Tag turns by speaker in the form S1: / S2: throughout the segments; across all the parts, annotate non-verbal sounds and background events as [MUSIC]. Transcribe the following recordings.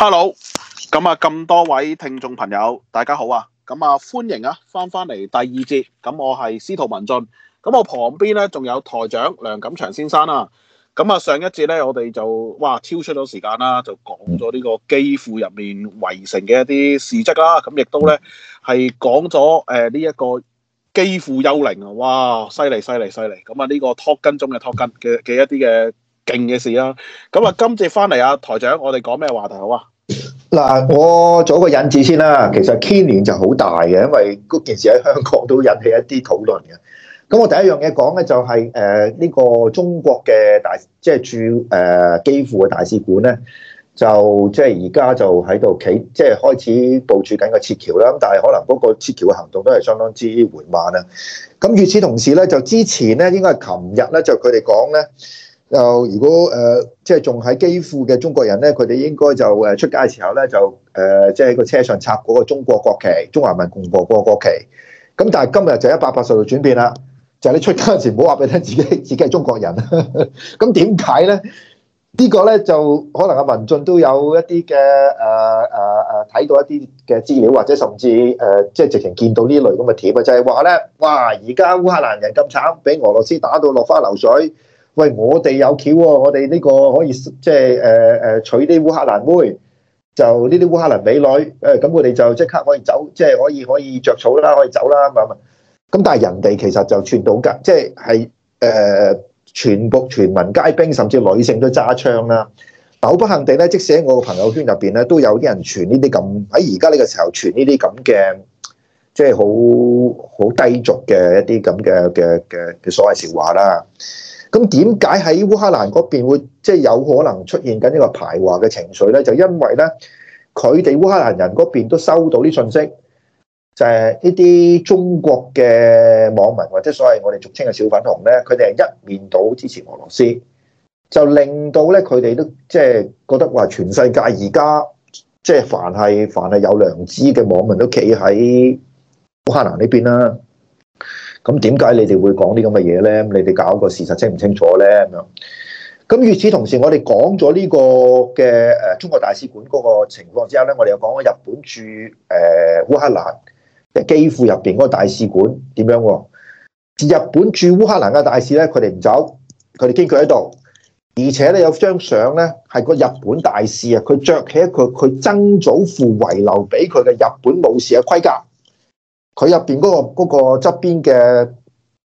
S1: hello，咁啊咁多位聽眾朋友，大家好啊，咁啊歡迎啊返返嚟第二節，咁我係司徒文進，咁我旁邊咧仲有台長梁錦祥先生啦，啊，咁啊上一節咧我哋就哇超出咗時間啦，就講咗呢個基輔入面圍城嘅一啲事跡啦，咁亦都咧係講咗誒呢一個基輔幽靈啊，哇犀利犀利犀利，咁啊呢個托根中嘅托根嘅嘅一啲嘅。勁嘅事啦，咁啊那今次翻嚟啊台長，我哋講咩話題好
S2: 啊？嗱，我做一個引子先啦。其實牽連就好大嘅，因
S1: 為嗰件事
S2: 喺香港都引起一啲討論嘅。咁我第一樣嘢講咧就係誒呢個中國嘅大即係駐誒基輔嘅大使館咧，就即係而家就喺度企，即係開始部署緊個撤僑啦。咁但係可能嗰個撤僑嘅行動都係相當之緩慢啊。咁與此同時咧，就之前咧應該係琴日咧就佢哋講咧。就如果誒即係仲喺基輔嘅中國人咧，佢哋應該就誒出街嘅時候咧就誒即係喺個車上插嗰個中國國旗、中華民共和國國旗。咁但係今日就一百八十度轉變啦，就係、是、你出街嘅時，唔好話俾你自己自己係中國人。咁點解咧？呢、這個咧就可能阿文進都有一啲嘅誒誒誒睇到一啲嘅資料，或者甚至誒即係直情見到呢類咁嘅貼啊，就係話咧哇！而家烏克蘭人咁慘，俾俄羅斯打到落花流水。喂，我哋有橋喎，啊，我哋呢個可以即係誒誒娶啲烏克蘭妹，就呢啲烏克蘭美女，誒咁佢哋就即刻可以走，即係可以可以着草啦，可以走啦，咁咁，但係人哋其實就傳到㗎，即係係誒全部全民皆兵，甚至女性都揸槍啦。但好不幸地咧，即使喺我嘅朋友圈入邊咧，都有啲人傳呢啲咁喺而家呢個時候傳呢啲咁嘅，即係好好低俗嘅一啲咁嘅嘅嘅嘅所謂笑話啦。咁點解喺烏克蘭嗰邊會即係、就是、有可能出現緊呢個排華嘅情緒咧？就因為咧，佢哋烏克蘭人嗰邊都收到啲信息，就係呢啲中國嘅網民或者所謂我哋俗稱嘅小粉紅咧，佢哋係一面倒支持俄羅斯，就令到咧佢哋都即係、就是、覺得話全世界而家即係凡係凡係有良知嘅網民都企喺烏克蘭呢邊啦。咁點解你哋會講啲咁嘅嘢咧？你哋搞個事實清唔清楚咧？咁樣，咁與此同時，我哋講咗呢個嘅誒中國大使館嗰個情況之後咧，我哋又講咗日本駐誒烏克蘭即係基輔入邊嗰個大使館點樣？日本駐烏克蘭嘅大使咧，佢哋唔走，佢哋堅決喺度。而且咧，有張相咧，係個日本大使啊，佢着起佢佢曾祖父遺留俾佢嘅日本武士嘅盔甲。佢入、嗰個嗰個、邊嗰、嗰個嗰個側邊嘅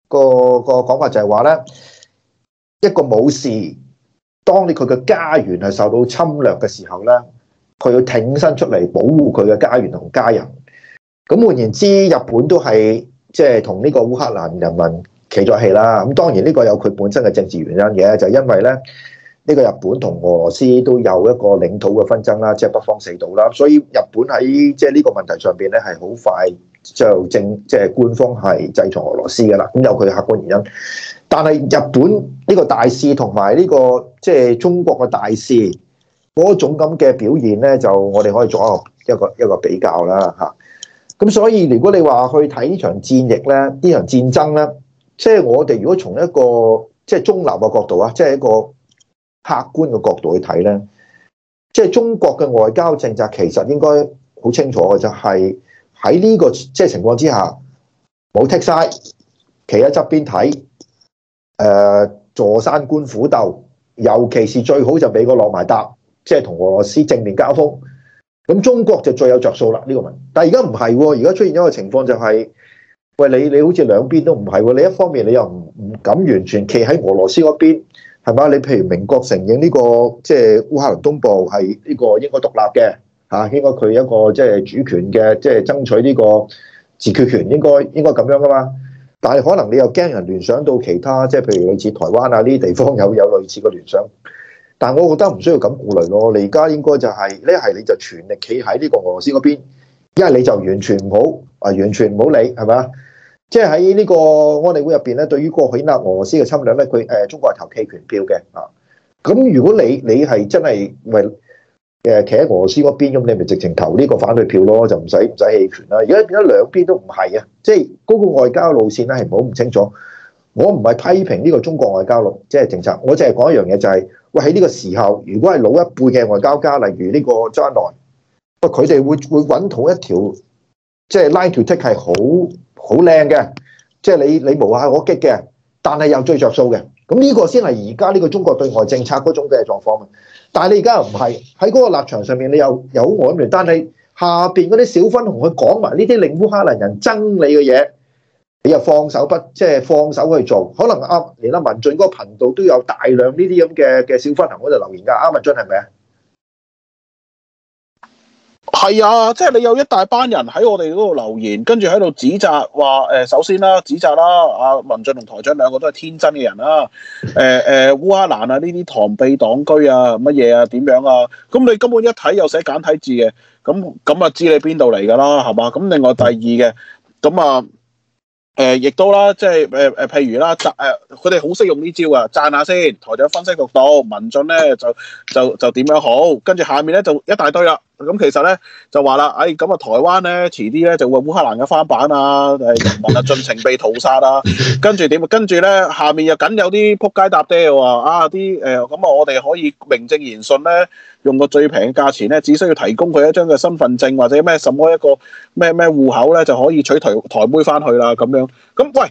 S2: 個個講法就係話咧，一個武士當你佢嘅家園係受到侵略嘅時候咧，佢要挺身出嚟保護佢嘅家園同家人。咁換言之，日本都係即係同呢個烏克蘭人民企咗氣啦。咁當然呢個有佢本身嘅政治原因嘅，就係、是、因為咧呢個日本同俄羅斯都有一個領土嘅紛爭啦，即、就、係、是、北方四島啦。所以日本喺即係呢個問題上邊咧係好快。就正即係官方係制裁俄羅斯噶啦，咁有佢客觀原因。但係日本呢個大事同埋呢個即係中國嘅大事嗰種咁嘅表現咧，就我哋可以做一個一個一個比較啦吓。咁所以如果你話去睇呢場戰役咧，呢場戰爭咧，即係我哋如果從一個即係中立嘅角度啊，即係一個客觀嘅角度去睇咧，即係中國嘅外交政策其實應該好清楚嘅就係。喺呢、這個即係、就是、情況之下，冇 take 曬，企喺側邊睇，誒、呃、坐山觀虎鬥，尤其是最好就俾個落埋搭，即係同俄羅斯正面交鋒。咁中國就最有着數啦，呢、這個問題。但係而家唔係，而家出現咗個情況就係、是，喂，你你好似兩邊都唔係，你一方面你又唔唔敢完全企喺俄羅斯嗰邊，係嘛？你譬如明國承認呢個即係、就是、烏克蘭東部係呢個應該獨立嘅。嚇，應該佢一個即係主權嘅，即係爭取呢個自決權，應該應該咁樣噶嘛。但係可能你又驚人聯想到其他，即係譬如類似台灣啊呢啲地方有有類似嘅聯想。但我覺得唔需要咁顧慮咯。你而家應該就係呢，係你就全力企喺呢個俄羅斯嗰邊，一你就完全唔好啊，完全唔好理，係咪啊？即係喺呢個安理會入邊咧，對於過去啊俄羅斯嘅侵略咧，佢誒中國係投棄權票嘅啊。咁如果你你係真係為誒，企喺俄羅斯嗰邊咁，你咪直情投呢個反對票咯，就唔使唔使棄權啦。而家變咗兩邊都唔係啊，即係嗰個外交路線咧係好唔清楚。我唔係批評呢個中國外交路，即係政策，我淨係講一樣嘢就係、是，喂喺呢個時候，如果係老一輩嘅外交家，例如呢個張瀾，喂佢哋會會搵到一條，即係拉條 tick 係好好靚嘅，即係、就是、你你無下可擊嘅，但係又最着數嘅。咁呢個先係而家呢個中國對外政策嗰種嘅狀況，但係你而家又唔係喺嗰個立場上面，你又有我咁，但係下面嗰啲小粉紅佢講埋呢啲令烏克蘭人憎你嘅嘢，你又放手不，即係、就是、放手去做，可能連阿文進嗰個頻道都有大
S1: 量呢啲咁嘅嘅小
S2: 粉紅喺度留言噶，啱、啊、文進係咪啊？
S1: 係啊，即係你有一大班人喺我哋嗰度留言，跟住喺度指責話誒、呃，首先啦，指責啦、啊，阿文進同台長兩個都係天真嘅人啦、啊，誒誒烏克蘭啊呢啲藏幣黨居啊乜嘢啊點樣啊，咁你根本一睇又寫簡體字嘅，咁咁啊知道你邊度嚟㗎啦，係嘛？咁另外第二嘅，咁啊誒亦、呃、都啦，即係誒誒譬如啦，讚佢哋好識用呢招啊，讚下先，台長分析獨到，文進咧就就就點樣好，跟住下面咧就一大堆啦。咁其實咧就話啦，哎咁啊台灣咧遲啲咧就會烏克蘭嘅翻版啊，人民啊盡情被屠殺啦，跟住點啊？ [LAUGHS] 跟住咧下面又梗有啲撲街搭爹又話，啊啲咁啊我哋可以名正言順咧，用個最平嘅價錢咧，只需要提供佢一張嘅身份證或者咩什,什麼一個咩咩戶口咧就可以娶台台妹翻去啦咁樣，咁喂。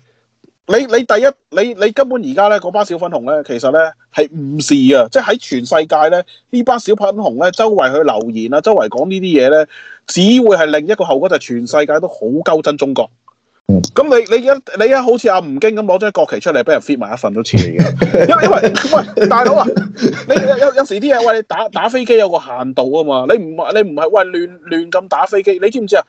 S1: 你你第一，你你根本而家咧嗰班小粉紅咧，其實咧係誤事啊！即係喺全世界咧呢班小粉紅咧，周圍去留言啊，周圍講呢啲嘢咧，只會係另一個後果就係、是、全世界都好鳩憎中國。咁、嗯、你你一你一好似阿、啊、吳京咁攞張國旗出嚟，俾人 fit 埋一份都似你嘅。因 [LAUGHS] 因為喂大佬啊，你有有時啲嘢喂你打打飛機有個限度啊嘛，你唔你唔係喂亂亂咁打飛機，你知唔知啊？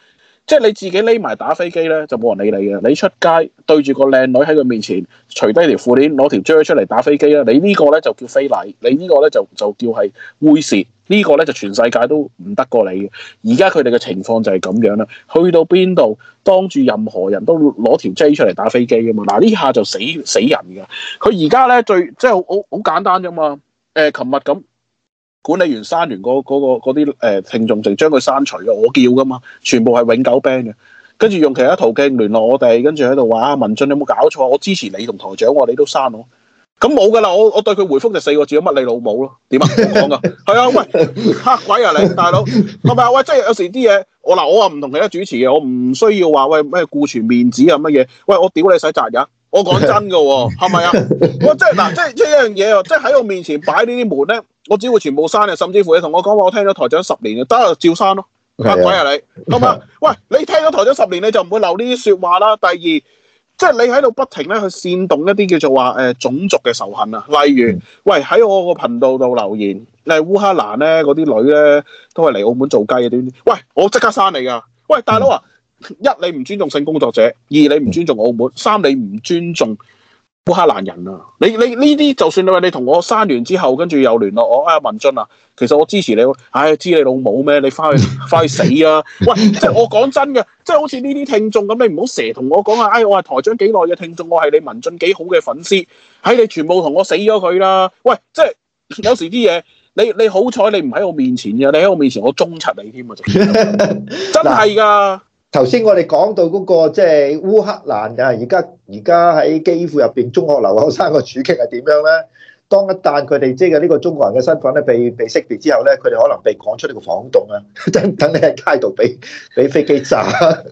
S1: 即係你自己匿埋打飛機咧，就冇人理你嘅。你出街對住個靚女喺佢面前，除低條褲鏈，攞條 j 出嚟打飛機啦。你個呢個咧就叫非禮，你個呢個咧就就叫係猥褻。這個、呢個咧就全世界都唔得過你嘅。而家佢哋嘅情況就係咁樣啦。去到邊度，當住任何人都攞條 j 出嚟打飛機㗎嘛。嗱呢下就死死人嘅。佢而家咧最即係好好簡單啫嘛。誒，琴日咁。管理員刪完嗰、嗰個啲誒、嗰個呃、聽眾就將佢刪除啦，我叫噶嘛，全部係永久 ban 嘅。跟住用其他途徑聯絡我哋，跟住喺度話啊，文進你有冇搞錯？我支持你同台長話你都刪我，咁冇噶啦，我我對佢回覆就四個字：乜你老母咯？點啊？講噶係啊？喂，黑鬼啊你！你大佬係咪 [LAUGHS] 喂，即係有時啲嘢我嗱，我話唔同其他主持嘅，我唔需要話喂咩顧全面子啊乜嘢？喂，我屌你使雜嘢。我講真㗎喎、哦，係咪 [LAUGHS] 啊？我即係嗱，即係一樣嘢啊！即係喺我面前擺這些呢啲門咧，我只會全部刪嘅。甚至乎你同我講話，我聽咗台長十年嘅，得就照刪咯。乜是的 鬼啊你？咁啊是的？喂，你聽咗台長十年，你就唔會留呢啲説話啦。第二，即、就、係、是、你喺度不停咧去煽動一啲叫做話誒、呃、種族嘅仇恨啊。例如，嗯、喂喺我個頻道度留言，你係烏克蘭咧嗰啲女咧都係嚟澳門做雞嘅啲。喂，我即刻刪你噶。喂，大佬啊！嗯一你唔尊重性工作者，二你唔尊重澳門，三你唔尊重烏克蘭人啊！你你呢啲就算你話，你同我刪完之後，跟住又聯絡我。哎，文俊啊，其實我支持你。唉，知你老母咩？你翻去翻去死啊！ [LAUGHS] 喂，即係我講真嘅，即係好似呢啲聽眾咁，你唔好蛇同我講啊！哎，我係台長幾耐嘅聽眾，我係你文俊幾好嘅粉絲。喺你全部同我死咗佢啦！喂，即係有時啲嘢，你你好彩你唔喺我面前嘅，你喺我面前我中七你添啊！ [LAUGHS] 真係噶
S2: ～ [LAUGHS] 頭先我哋講到嗰個即係烏克蘭啊，而家而家喺基輔入邊中學留學生嘅處境係點樣咧？當一旦佢哋即係呢個中國人嘅身份咧被被識別之後咧，佢哋可能被趕出呢個房棟啊，等 [LAUGHS] 等你喺街度俾俾飛機炸，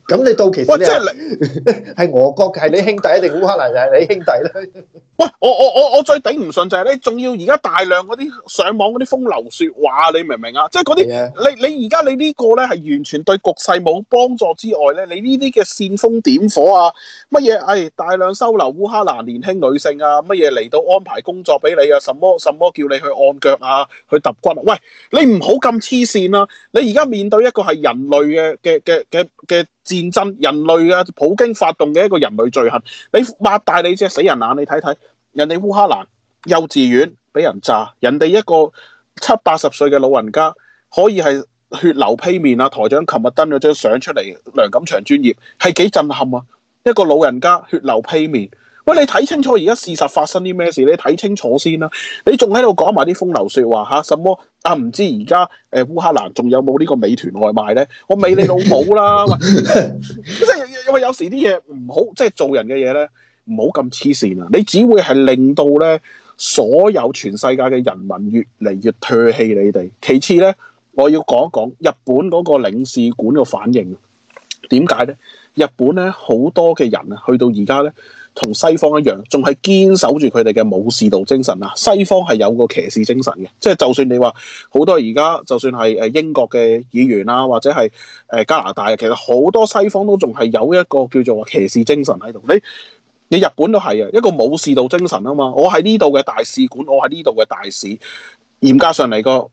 S2: 咁 [LAUGHS] 你到期時啊，係、就是、 [LAUGHS] 俄國係
S1: 你兄弟定烏克蘭就係你兄弟咧？喂，我我我我最頂唔順就係、是、咧，仲要而家大量嗰啲上網嗰啲風流説話，你明唔明啊？即係嗰啲你你而家你個呢個咧係完全對局勢冇幫助之外咧，你呢啲嘅煽風點火啊，乜嘢？唉、哎，大量收留烏克蘭年輕女性啊，乜嘢嚟到安排工作俾你？有什麼什麼叫你去按腳啊，去揼骨啊？喂，你唔好咁黐線啦！你而家面對一個係人類嘅嘅嘅嘅嘅戰爭，人類嘅、啊、普京發動嘅一個人類罪行，你擘大你隻死人眼，你睇睇人哋烏克蘭幼稚園俾人炸，人哋一個七八十歲嘅老人家可以係血流披面啊！台長琴日登咗張相出嚟，梁錦祥專業係幾震撼啊！一個老人家血流披面。喂，你睇清楚而家事實發生啲咩事，你睇清楚先啦、啊！你仲喺度講埋啲風流説話嚇？什麼啊？唔知而家誒烏克蘭仲有冇呢個美團外賣咧？我未你老母啦！即係 [LAUGHS] 因為有時啲嘢唔好，即係做人嘅嘢咧，唔好咁黐線啊！你只會係令到咧所有全世界嘅人民越嚟越唾棄你哋。其次咧，我要講一講日本嗰個領事館嘅反應。點解咧？日本咧好多嘅人啊，去到而家咧。同西方一樣，仲係堅守住佢哋嘅武士道精神啊！西方係有個騎士精神嘅，即係就算你話好多而家，就算係誒英國嘅議員啦，或者係誒加拿大，其實好多西方都仲係有一個叫做話騎士精神喺度。你你日本都係啊，一個武士道精神啊嘛！我喺呢度嘅大使館，我喺呢度嘅大使，嚴格上嚟個。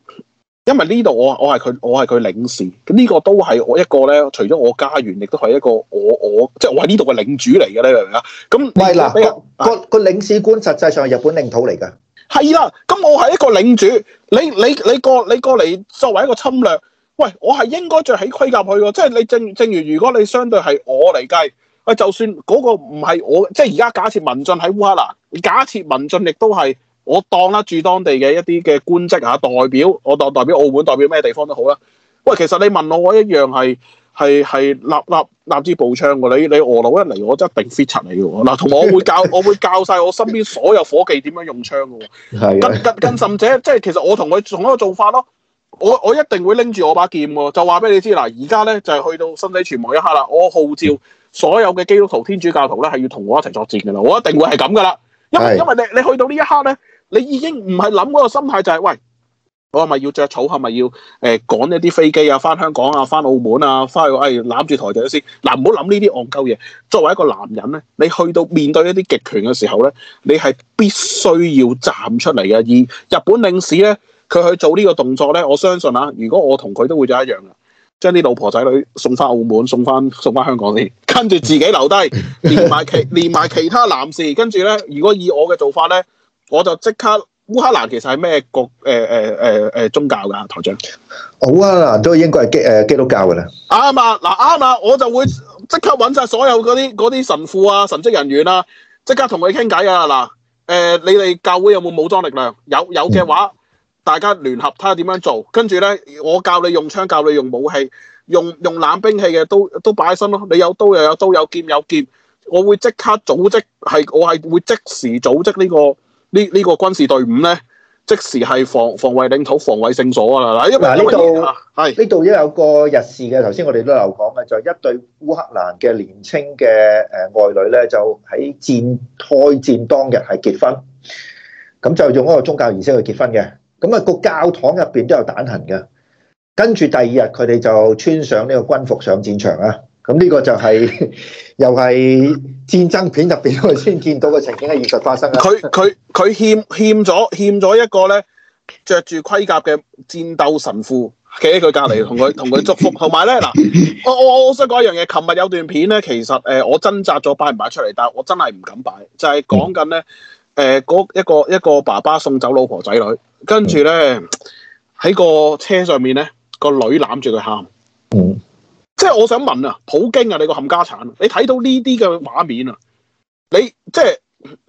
S1: 因為呢度我我係佢我係佢領事呢、呢個都係我一個咧，除咗我家園，亦都係一個我我即係我喺呢度嘅領主嚟嘅咧，你明唔明啊？咁喂啦個個領事官實際上係日本領土嚟噶，係啦。咁我係一個領主，你你你，你過你過嚟作為一個侵略，喂，我係應該着起盔甲去嘅，即係你正正如如果你相對係我嚟計，喂，就算嗰個唔係我，即係而家假設文進喺烏克蘭，假設文進亦都係。我當啦，住當地嘅一啲嘅官職嚇、啊、代表，我當代表澳門代表咩地方都好啦。喂，其實你問我，我一樣係係係立立立支步槍喎。你你俄佬一嚟，我就一定 fit 出你嘅喎。嗱、啊，同埋我會教 [LAUGHS] 我會教曬我身邊所有伙計點樣用槍嘅喎。係 [LAUGHS] 跟，跟，跟甚至即係其實我同佢同一個做法咯。我我一定會拎住我把劍喎，就話俾你知嗱。而家咧就係去到生死存亡一刻啦。我號召所有嘅基督徒、天主教徒咧，係要同我一齊作戰嘅啦。我一定會係咁嘅啦，因為 [LAUGHS] 因為你你去到呢一刻咧。你已經唔係諗嗰個心態，就係，就係喂，我係咪要着草？係咪要誒、呃、趕一啲飛機啊？翻香港啊？翻澳門啊？翻去誒攬住台仔先嗱，唔好諗呢啲戇鳩嘢。作為一個男人咧，你去到面對一啲極權嘅時候咧，你係必須要站出嚟嘅。而日本領事咧，佢去做呢個動作咧，我相信啊，如果我同佢都會做一樣嘅，將啲老婆仔女送翻澳門，送翻送翻香港先，跟住自己留低， [LAUGHS] 連埋其連埋其他男士，跟住咧，如果以我嘅做法咧。我就即刻，烏克蘭其實係咩國？誒誒誒誒宗教噶台長，
S2: 好，烏克蘭都應該係基誒、呃、基督
S1: 教噶啦。啱啊，嗱、啊、啱啊，我就會即刻揾晒所有嗰啲啲神父啊、神職人員啦，即刻同佢哋傾偈啊。嗱、啊，誒、啊呃，你哋教會有冇武裝力量？有有嘅話，嗯、大家聯合睇下點樣做。跟住咧，我教你用槍，教你用武器，用用冷兵器嘅都都擺喺身咯。你有刀又有刀，有劍有劍，我會即刻組織，係我係會即時組織呢、這個。呢呢個軍事隊伍咧，即時係防防衛領土、防衛勝所啊！嗱，因為呢度係呢度，都
S2: 有個日事嘅。頭先我哋都有講嘅，就一對烏克蘭嘅年輕嘅誒外女咧，就喺戰開戰當日係結婚，咁就用嗰個宗教儀式去結婚嘅。咁啊，個教堂入邊都有彈痕嘅。跟住第二日，佢哋就穿上呢個軍服上戰場啊！咁呢個就係又係。
S1: 戰爭片入邊，我哋先見到嘅情景係現實發生嘅。佢佢佢欠欠咗欠咗一個咧，着住盔甲嘅戰鬥神父，企喺佢隔籬同佢同佢祝福。同埋咧，嗱，我我我，我想講一樣嘢。琴日有段片咧，其實誒、呃，我掙扎咗擺唔擺出嚟，但係我真係唔敢擺，就係講緊咧，誒、呃，一個一個爸爸送走老婆仔女，跟住咧喺個車上面咧，個女攬住佢喊，嗯。即係我想問啊，普京啊，你個冚家鏟，你睇到呢啲嘅畫面啊，你即係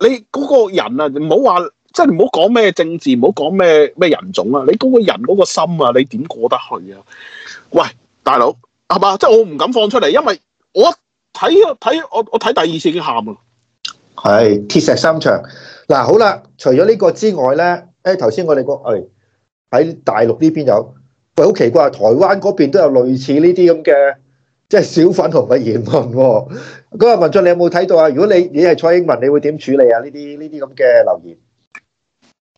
S1: 你嗰個人啊，唔好話，即係唔好講咩政治，唔好講咩咩人種啊，你嗰個人嗰個心啊，你點過得去啊？喂，大佬係嘛？即係我唔敢放出嚟，因為我睇睇我我睇第二次已經喊啊，
S2: 係鐵石心腸嗱。好啦，除咗呢個之外咧，誒頭先我哋講、嗰個，誒、哎、喺大陸呢邊有。喂，好奇怪啊！台灣嗰邊都有類似呢啲咁嘅，即係小粉紅嘅言論喎、啊。嗰個文進你有冇睇到啊？如果你你係蔡英文，你會點處理啊？
S1: 呢啲呢啲咁嘅留言。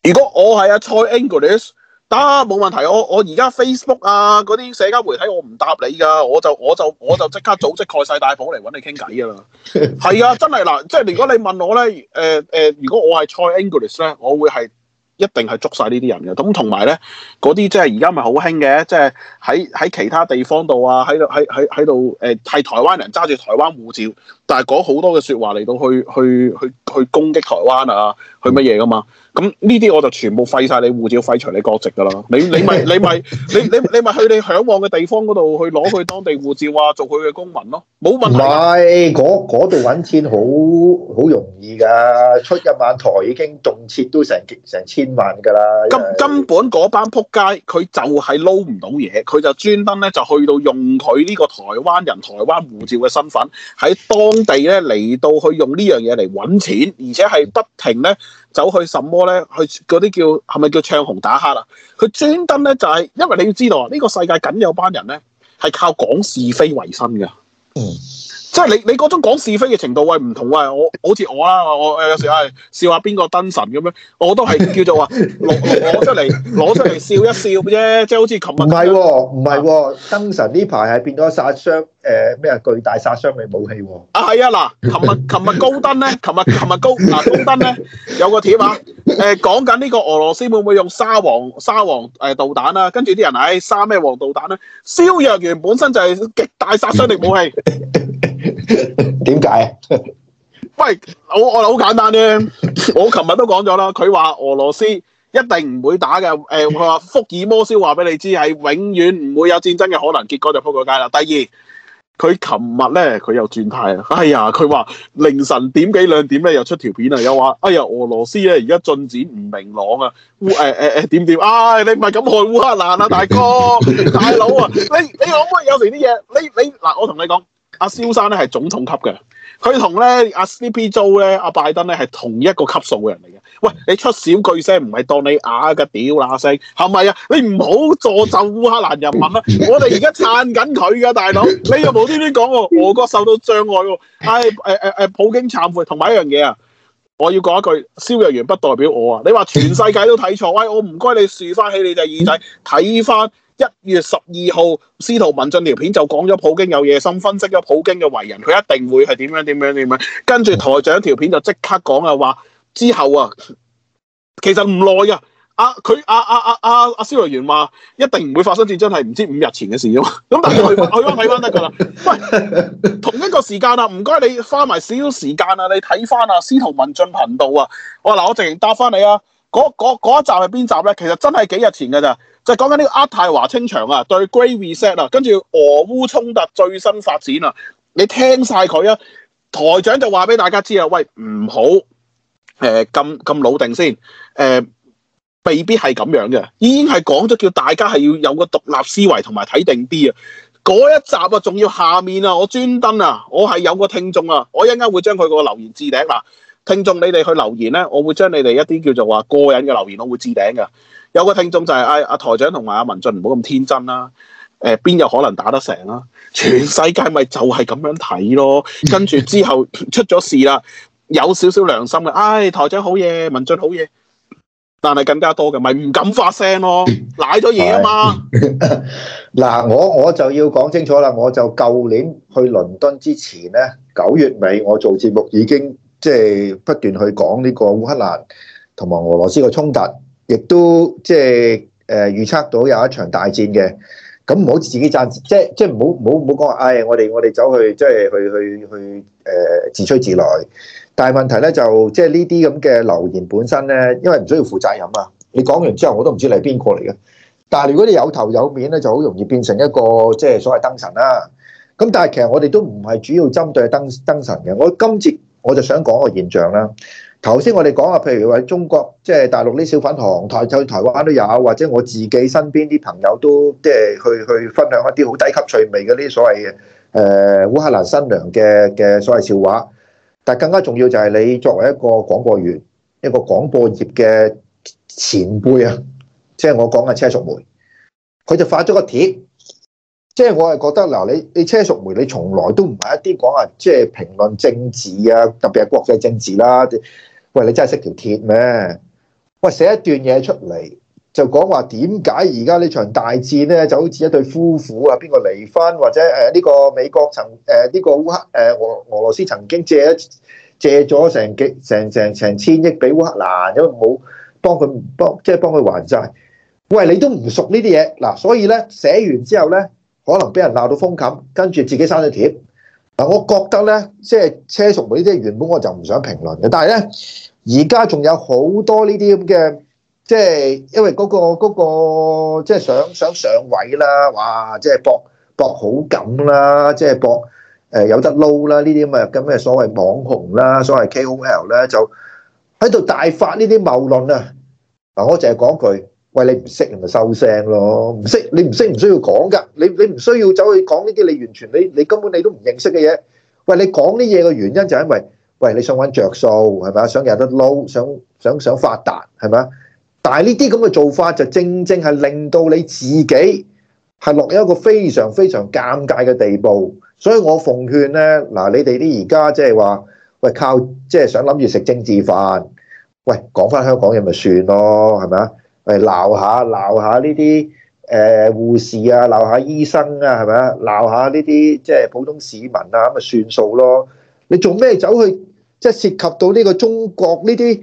S1: 如果我係阿蔡 English，得冇問題。我我而家 Facebook 啊，嗰啲社交媒體，我唔答你噶。我就我就我就即刻組織蓋世太保嚟揾你傾偈噶啦。係啊， [LAUGHS] 真係嗱，即係如果你問我咧，誒、呃、誒、呃，如果我係蔡 English 咧，我會係。一定係捉晒呢啲人嘅，咁同埋咧，嗰啲即係而家咪好興嘅，即係喺喺其他地方度啊，喺度喺喺喺度誒，係台灣人揸住台灣護照，但係講好多嘅說話嚟到去去去去攻擊台灣啊！佢乜嘢噶嘛？咁呢啲我就全部廢晒你護照，廢除你國籍噶啦！你你咪你咪你你你咪去你向往嘅地方嗰度去攞佢當地護照，啊，話做佢嘅公民咯，啊。冇問題，啊。唔係，嗰嗰度搵
S2: 錢好好容易噶，出一萬台已經動切都成成千
S1: 萬噶啦。根根本嗰班扑街，佢就係撈唔到嘢，佢就專登咧就去到用佢呢個台灣人台灣護照嘅身份喺當地咧嚟到去用呢樣嘢嚟搵錢，而且係不停咧。走去什麼咧？去嗰啲叫係咪叫唱紅打黑啦？佢專登咧就係，因為你要知道啊，呢個世界僅有班人咧係靠講是非為生嘅。嗯即係你你嗰種講是非嘅程度，喂唔同啊！我好似我啦，我有時誒笑下邊個燈神咁樣，我都係叫做話攞出嚟攞出嚟笑一笑嘅啫，即係好似琴日唔係喎，唔係喎，哦
S2: 啊、燈神呢排係變咗殺傷誒咩啊？巨大殺傷力武器喎、啊
S1: 啊啊！啊係啊嗱，琴日琴日高登咧，琴日琴日高嗱高燈登咧有個貼啊誒、呃、講緊呢個俄羅斯會唔會用沙皇沙皇誒、呃、導彈啊？跟住啲人誒、哎、沙咩皇導彈咧？蕭若元本身就係極大殺傷力武器。 [LAUGHS] 點解？為什麼喂，我我好簡單啫。我琴日都講咗啦，佢話俄羅斯一定唔會打嘅。誒、欸，佢話福爾摩斯話俾你知係永遠唔會有戰爭嘅可能，結果就撲過街啦。第二，佢琴日咧，佢又轉態啦。哎呀，佢話凌晨點幾兩點咧，又出條片啊，又話哎呀，俄羅斯咧而家進展唔明朗啊，烏誒誒誒點點，哎、你唔係咁害烏克蘭啊，大哥 [LAUGHS] 大佬啊，你你，你可唔可以有時啲嘢，你你嗱，我同你講。阿、啊、蕭生咧係總統級嘅，佢同咧阿 Sleepy Joe 咧、阿、啊啊啊、拜登咧係同一個級數嘅人嚟嘅。喂，你出少句聲唔係當你啞嘅屌嗱聲係咪啊？你唔好助咒烏克蘭人民啊！我哋而家撐緊佢嘅大佬，你又冇呢啲講我俄國受到障礙喎、哦？唉誒誒誒，普京慚悔。同埋一樣嘢啊，我要講一句，蕭若元不代表我啊！你話全世界都睇錯，喂，我唔該你豎翻起你隻耳仔睇翻。看一月十二號，司徒文進條片就講咗普京有野心，分析咗普京嘅為人，佢一定會係點樣點樣點樣。跟住台長條片就即刻講啊，話之後啊，其實唔耐啊，阿佢阿阿阿阿阿消衞員話一定唔會發生戰爭，至真係唔知五日前嘅事咯。咁但係去睇翻睇翻得個啦，喂， [LAUGHS] 同一個時間啊，唔該你花埋少少時間啊，你睇翻啊，司徒文進頻道啊，我嗱我直情答翻你啊，嗰一集係邊集咧？其實真係幾日前嘅咋。就是講緊呢個渥太華清場啊，對 Great Reset 啊，跟住俄烏衝突最新發展啊，你聽晒佢啊，台長就話俾大家知啊，喂，唔好誒咁咁老定先，誒、呃、未必係咁樣嘅，已經係講咗叫大家係要有個獨立思維同埋睇定啲啊，嗰一集啊仲要下面啊，我專登啊，我係有個聽眾啊，我一陣間會將佢個留言置頂啊。」聽眾，你哋去留言呢，我會將你哋一啲叫做話過癮嘅留言，我會置頂嘅。有個聽眾就係阿阿台長同埋阿文進唔好咁天真啦、啊。誒、呃，邊有可能打得成啊？全世界咪就係咁樣睇咯。跟住之後出咗事啦，有少少良心嘅，唉、哎，台長好嘢，文進好嘢，但係更加多嘅咪唔敢發聲咯，賴咗嘢啊嘛。嗱， [LAUGHS] 我我
S2: 就要講清楚啦。我就舊年去倫敦之前呢，九月尾我做節目已經。即係不斷去講呢個烏克蘭同埋俄羅斯嘅衝突，亦都即係誒預測到有一場大戰嘅。咁唔好自己讚，即係即係唔好唔好唔好講話。誒、就是哎，我哋我哋走去即係、就是、去去去誒、呃、自吹自擂。但係問題咧就即係呢啲咁嘅流言本身咧，因為唔需要負責任啊。你講完之後，我都唔知你係邊個嚟嘅。但係如果你有頭有面咧，就好容易變成一個即係、就是、所謂燈神啦。咁但係其實我哋都唔係主要針對燈燈神嘅。我今次。我就想講個現象啦。頭先我哋講啊，譬如話中國即係大陸啲小粉紅，台走去台灣都有，或者我自己身邊啲朋友都即係去去分享一啲好低級趣味嗰啲所謂嘅誒烏克蘭新娘嘅嘅所謂笑話。但更加重要就係你作為一個廣播員，一個廣播業嘅前輩啊，即係我講嘅車淑梅，佢就發咗個帖。即係我係覺得嗱，你你車淑梅，你從來都唔係一啲講話，即係評論政治啊，特別係國際政治啦，啊。喂，你真係識條鐵咩？喂，寫一段嘢出嚟就講話點解而家呢場大戰咧，就好似一對夫婦啊，邊個離婚或者誒呢個美國曾誒呢個烏克誒俄俄羅斯曾經借借咗成幾成成成成千億俾烏克蘭，因為冇幫佢幫即係幫佢還債。喂，你都唔熟呢啲嘢嗱，所以咧寫完之後咧。可能俾人鬧到封冚，跟住自己刪咗貼。嗱，我覺得咧，即係車淑梅嗰啲，即係原本我就唔想評論嘅，但係咧，而家仲有好多呢啲咁嘅，即係因為嗰個嗰個，即係想想上位啦，哇！即係博博好感啦，即係博誒有得撈啦，呢啲咁嘅咁嘅所謂網紅啦，所謂 KOL 咧，就喺度大發呢啲謬論啊！嗱，我淨係講佢。喂，你唔識，咪收聲咯！唔識你唔識，唔需要講㗎。你你唔需要走去講呢啲你完全你你根本你都唔認識嘅嘢。喂你講呢嘢嘅原因就係因為，喂你想揾著數係咪啊？想有得撈，想想想發達係咪啊？但係呢啲咁嘅做法就正正係令到你自己係落喺一個非常非常尷尬嘅地步。所以我奉勸呢，嗱你哋啲而家即係話，喂靠，即係想諗住食政治飯，喂講返香港嘢咪算咯，係咪啊？喂，鬧下鬧下呢啲誒護士啊，鬧下醫生啊，係咪啊？鬧下呢啲即係普通市民啊，咁咪算數咯。你做咩走去即係涉及到呢個中國呢啲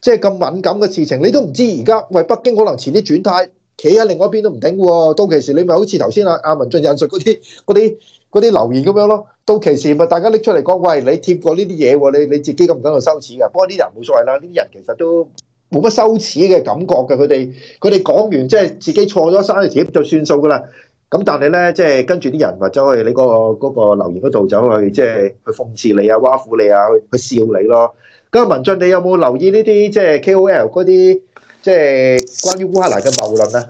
S2: 即係咁敏感嘅事情？你都唔知而家喂北京可能前啲轉態，企喺另外一邊都唔頂喎。到其時你咪好似頭先阿阿文進引述嗰啲啲啲留言咁樣咯、啊。到其時咪大家拎出嚟講，喂，你貼過呢啲嘢喎，你你自己咁唔敢去收錢㗎？不過啲人冇所謂啦，呢啲人其實都。冇乜羞恥嘅感覺嘅，佢哋佢哋講完即係自己錯咗，生自己就算數噶啦。咁但係咧，即係跟住啲人或者去你個嗰個留言嗰度走去，即係去諷刺你啊、挖苦你啊、去笑你咯。咁文進，你有冇留意呢啲即係 KOL 嗰啲即係關於烏克蘭嘅謀論咧？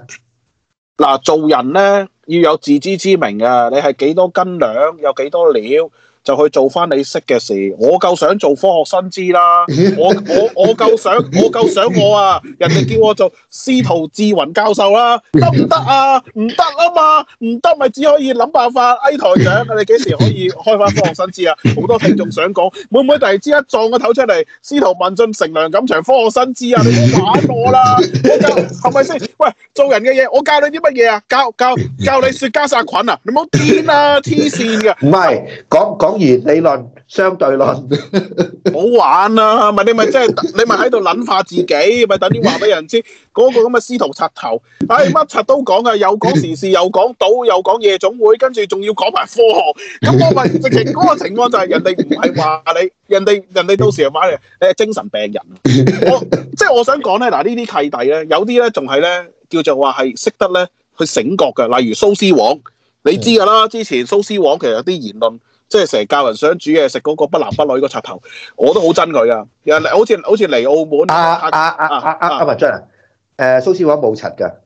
S1: 嗱，做人咧要有自知之明啊！你係幾多斤兩，有幾多料，就去做翻你識嘅事，我夠想做科學新知啦，我我我夠想，我夠想我啊！人哋叫我做司徒智雲教授啦，得唔得啊？唔得啊嘛，唔得咪只可以諗辦法挨台長你幾時可以開翻科學新知啊？好多聽眾想講，會唔會突然之間撞個頭出嚟？司徒文進成梁錦祥，科學新知啊！你玩我啦，我就係咪先？喂，做人嘅嘢，我教你啲乜嘢啊？教教教你雪茄殺菌啊？你冇癲啊？黐線嘅，唔係講講。言理論相對論，好玩啊。咪你咪即係你咪喺度諗化自己，咪等於話俾人知嗰個咁嘅司徒插頭。唉，乜柒都講啊，又講時事，又講賭，又講夜總會，跟住仲要講埋科學。咁我咪直情嗰個情況就係人哋唔係話你，人哋人哋到時候就話你係精神病人。我即係我想講咧，嗱呢啲契弟咧，有啲咧仲係咧叫做話係識得咧去醒覺嘅，例如蘇施黃，你知㗎啦。之前蘇施黃其實有啲言論。即係成日教人想煮嘢食嗰個不男不女個插頭，我都很的好憎佢啊！又嚟好似好似嚟澳門阿阿阿阿阿文蘇氏話冇柒噶。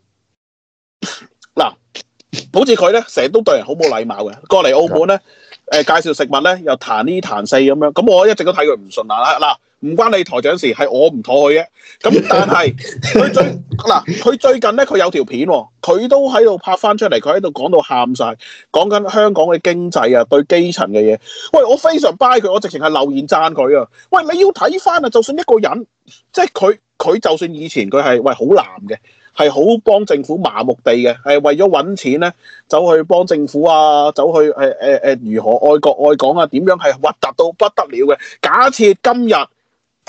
S1: 嗱，好似佢咧，成日都對人好冇禮貌嘅。過嚟澳門咧，誒，介紹食物咧又彈呢彈四咁樣，咁我一直都睇佢唔順眼啦。唔關你台長事，係我唔妥佢嘅。咁但係佢最嗱佢、 [LAUGHS] 啊、最近咧，佢有條片喎、哦，佢都喺度拍翻出嚟，佢喺度講到喊晒，講緊香港嘅經濟啊，對基層嘅嘢。喂，我非常 buy 佢，我直情係留言贊佢啊！喂，你要睇翻啊，就算一個人，即係佢佢就算以前佢係喂好藍嘅，係好幫政府麻木地嘅，係為咗揾錢咧，走去幫政府啊，走去誒誒誒如何愛國愛港啊，點樣係核突到不得了嘅。假設今日。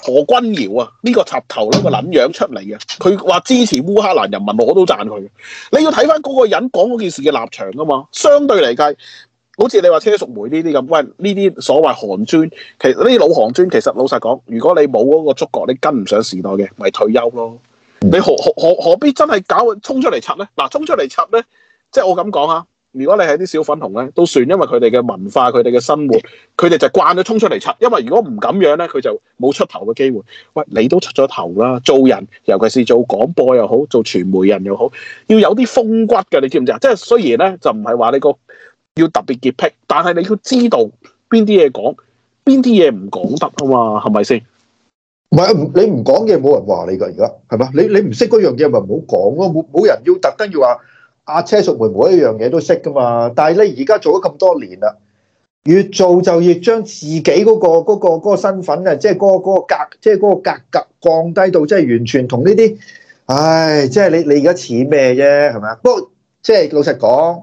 S1: 何君堯啊，呢、這個插頭，呢個撚樣出嚟嘅？佢話支持烏克蘭人民，我都贊佢。你要睇翻嗰個人講嗰件事嘅立場啊嘛。相對嚟計，好似你話車淑梅呢啲咁，喂，呢啲所謂韓專，其實呢啲老韓專，其實老實講，如果你冇嗰個觸角，你跟唔上時代嘅，咪退休咯。你何何何何必真係搞衝出嚟插咧？嗱，衝出嚟插咧，即係我咁講啊！如果你係啲小粉紅咧，都算，因為佢哋嘅文化、佢哋嘅生活，佢哋就慣咗衝出嚟拆。因為如果唔咁樣咧，佢就冇出頭嘅機會。喂，你都出咗頭啦，做人，尤其是做廣播又好，做傳媒人又好，要有啲風骨㗎，你知唔知啊？即係雖然咧，就唔係話你個要特別潔癖，但係你要知道邊啲嘢講，邊啲嘢唔講得啊嘛？係咪先？唔係，你唔講嘢冇人話你噶，而家係嘛？你你唔識嗰
S2: 樣嘢咪唔好講咯，冇冇、啊、人要特登要話。阿車淑梅每一樣嘢都識噶嘛，但係咧，而家做咗咁多年啦，越做就越將自己嗰個嗰個嗰個身份啊，即係嗰個嗰個格，即係嗰個格格降低到，即係完全同呢啲，唉，即係你你而家似咩啫，係咪啊？不過即係老實講，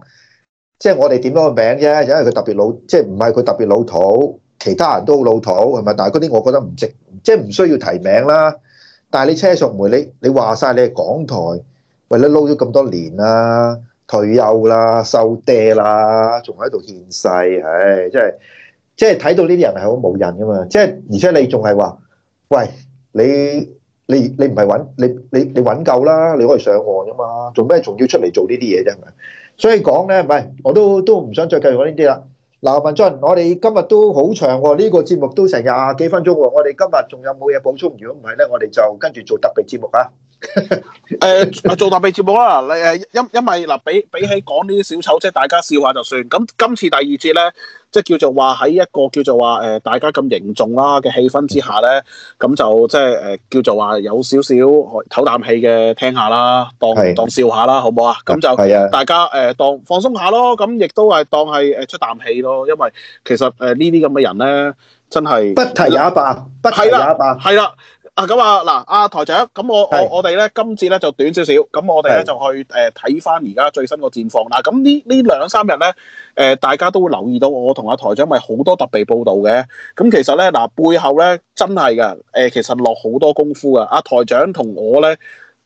S2: 即係我哋點咗個名啫，因為佢特別老，即係唔係佢特別老土，其他人都好老土係咪？但係嗰啲我覺得唔值，即係唔需要提名啦。但係你車淑梅，你你話晒你係港台。喂啦，撈咗咁多年啦，退休啦，收爹啦，仲喺度獻世，唉，即係即係睇到呢啲人係好冇癮噶嘛，即係而且你仲係話，喂，你你你唔係揾你你你揾夠啦，你可以上岸噶嘛，做咩仲要出嚟做呢啲嘢啫？所以講咧，唔係我都都唔想再繼續講呢啲啦。嗱，文俊，我哋今日都好長喎，呢個節目都成廿幾分鐘喎，我哋今日仲有冇嘢補充？如果唔係咧，我哋就跟住做特別節目啊！
S1: 誒、 [LAUGHS] 呃，做特別節目啦，你誒，因為因為嗱，比比起講呢啲小丑，即係大家笑下就算。咁今次第二節咧，即係叫做話喺一個叫做話誒，大家咁凝重啦嘅氣氛之下咧，咁就即係誒，叫做話有少少唞啖氣嘅聽下啦，當是的 當笑下啦，好唔好啊？咁就大家誒，當放鬆下咯。咁亦都係當係誒出啖氣咯。因為其實誒呢啲咁嘅人咧，真係不提也罷，不的提也罷，係啦。啊咁啊嗱，阿、啊、台長，咁我是我哋咧今次咧就短少少，咁我哋咧是就去誒睇翻而家最新個戰況啦。咁、啊、呢呢兩三日咧，誒、呃、大家都會留意到，我同阿、啊、台長咪好多特備報導嘅。咁其實咧，嗱、呃、背後咧真係嘅，誒、呃、其實落好多功夫嘅。阿、啊、台長同我咧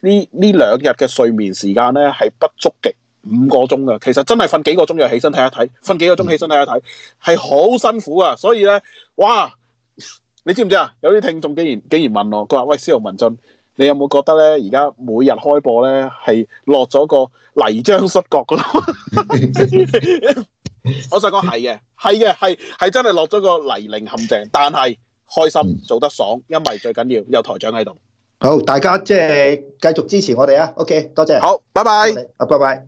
S1: 呢呢兩日嘅睡眠時間咧係不足極五個鐘嘅。其實真係瞓幾個鐘又起身睇一睇，瞓幾個鐘起身睇一睇，係好辛苦啊。所以咧，哇！你知唔知啊？有啲聽眾竟然竟然問我，佢話：喂，司徒文進，你有冇覺得咧？而家每日開播咧，係落咗個泥漿摔角噶咯？我想講係嘅，係嘅，係係真係落咗個泥濘陷阱。但係開心做得爽，因為最緊要有台長喺度。
S2: 好，大家即係繼續支持我哋啊！OK，多謝。好，拜拜啊，拜拜。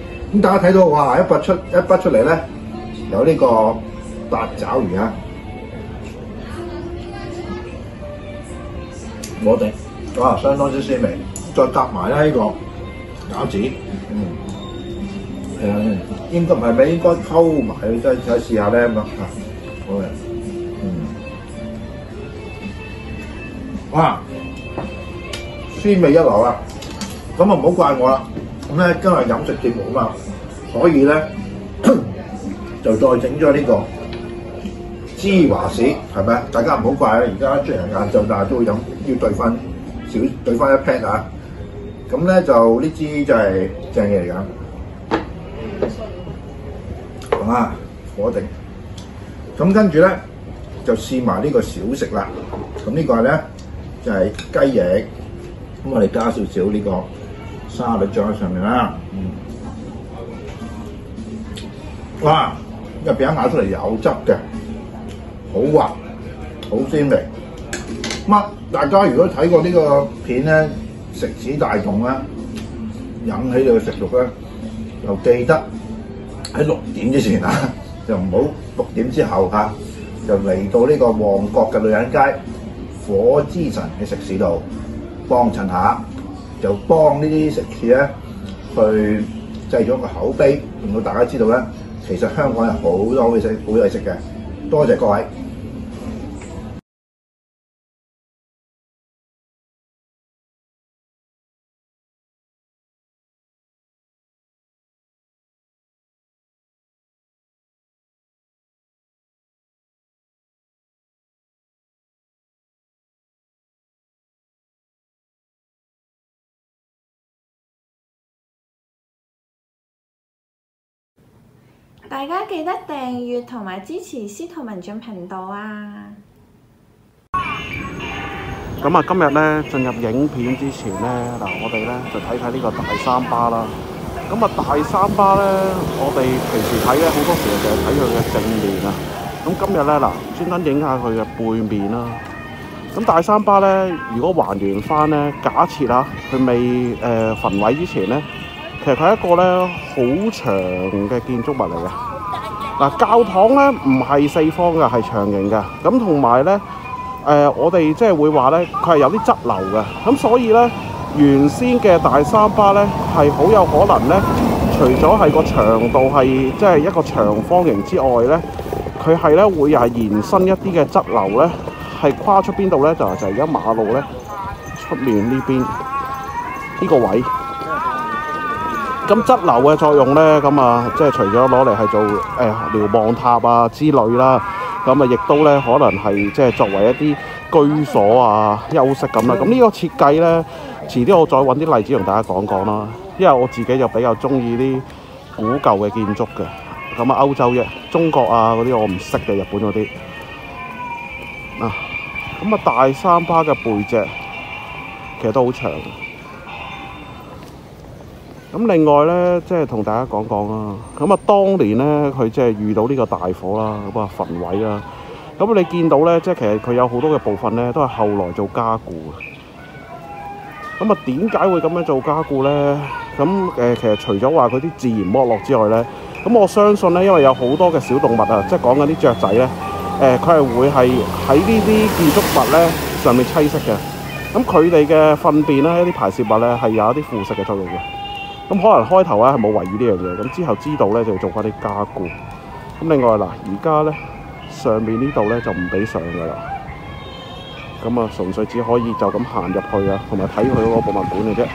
S2: 大家睇到哇，一筆出來一筆出嚟有呢個八爪魚啊，我相當之鮮味，再夾埋這呢個餃子，嗯，誒的應該唔係咩，應該溝埋，再試下咧，咁好哇，鮮味一流啊，咁啊唔好怪我啦。咁咧今日飲食節目啊嘛，所以咧就再整咗呢個芝華士，係咪啊？大家唔好怪現在要要啊！而家出嚟晏晝，但係都會飲，要兌翻少，兌翻一 pat 啊！咁咧就呢支就係正嘢嚟㗎。信啊！火定。咁跟住咧就試埋呢個小食啦。咁呢個咧就係、是、雞翼。咁我哋加少少呢個。沙律醬喺上面啦，嗯，哇，一劈開出嚟有汁嘅，好滑，好鮮味。咁大家如果睇過呢個片咧，食指大動咧，引起你嘅食欲，咧，就記得喺六點之前嚇，就唔好六點之後嚇，就嚟到呢個旺角嘅女人街火之神喺食肆度幫襯下。就幫這些呢啲食肆咧，去製咗個口碑，令到大家知道呢，其實香港有好多好嘢食，好嘢食嘅。多謝各位。大
S1: 家記得訂閱同埋支持司徒文進頻道啊！咁啊，今日咧進入影片之前咧，嗱，我哋咧就睇睇呢個大三巴啦。咁啊，大三巴咧，我哋平時睇咧，好多時候就係睇佢嘅正面啊。咁今日咧，嗱，專登影下佢嘅背面啦。咁大三巴咧，如果還原翻咧，假設啊，佢未誒焚毀之前咧。其實佢係一個咧好長嘅建築物嚟嘅，嗱，教堂咧唔係四方嘅，係長形嘅。咁同埋咧，誒、呃、我哋即係會話咧，佢係有啲側流嘅。咁所以咧，原先嘅大三巴咧係好有可能咧，除咗係個長度係即係一個長方形之外咧，佢係咧會又係延伸一啲嘅側流咧，係跨出邊度咧就就係而家馬路咧出面呢邊呢個位。咁側樓嘅作用咧，咁啊，即係除咗攞嚟係做誒瞭望塔啊之類啦，咁啊，亦都咧可能係即係作為一啲居所啊、休息咁啦。咁呢個設計咧，遲啲我再搵啲例子同大家講講啦，因為我自己就比較中意啲古舊嘅建築嘅。咁啊，歐洲嘅、中國啊嗰啲我唔識嘅，日本嗰啲啊。咁啊，大三巴嘅背脊其實都好長。咁另外咧，即係同大家講講啦。咁啊，當年咧，佢即係遇到呢個大火啦，咁啊，焚毀啦。咁你見到咧，即係其實佢有好多嘅部分咧，都係後來做加固啊。咁啊，點解會咁樣做加固咧？咁誒，其實除咗話佢啲自然剝落之外咧，咁我相信咧，因為有好多嘅小動物啊，即係講緊啲雀仔咧，誒佢係會係喺呢啲建築物咧上面棲息嘅。咁佢哋嘅糞便咧、一啲排泄物咧，係有一啲腐蝕嘅作用嘅。咁可能開頭咧係冇懷疑呢樣嘢，咁之後知道咧就要做翻啲加固。咁另外嗱，而家咧上面呢度咧就唔俾上噶啦。咁啊，純粹只可以就咁行入去啊，同埋睇佢嗰個博物館嘅啫。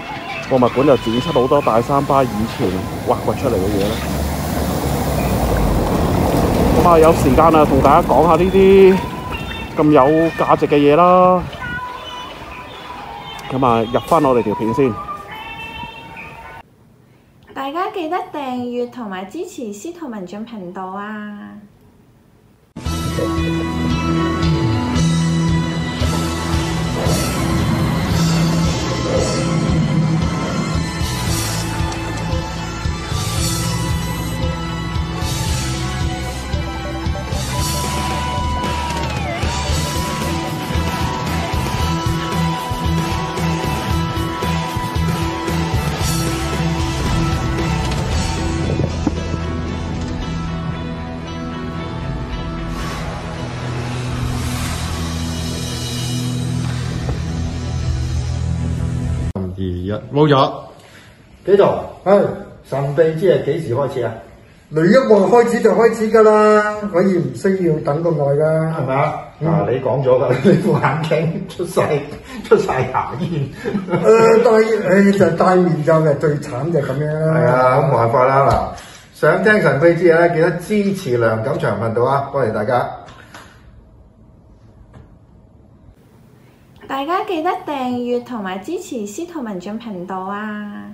S1: 博物館又展出好多大三巴以前挖掘出嚟嘅嘢咧。咁啊，有時間啊，同大家講下呢啲咁有價值嘅嘢啦。咁啊，入翻我哋條片先。
S2: 記得訂閱同埋支持司徒文進頻道啊！冇咗，沒幾度？唉是，神秘之夜幾時開始啊？雷一話開始就開始㗎啦，我亦唔需要等咁耐㗎，係咪你講咗㗎，你副、嗯、 [LAUGHS] 眼鏡出晒出晒牙煙，誒、呃，戴、 [LAUGHS] 哎、就是、戴面罩嘅最慘就咁樣係啊，咁冇辦法啦嗱，想聽神秘之夜咧，記得支持梁錦祥頻道啊，多謝，謝大家。大家記得訂閱同埋支持司徒文進頻道啊！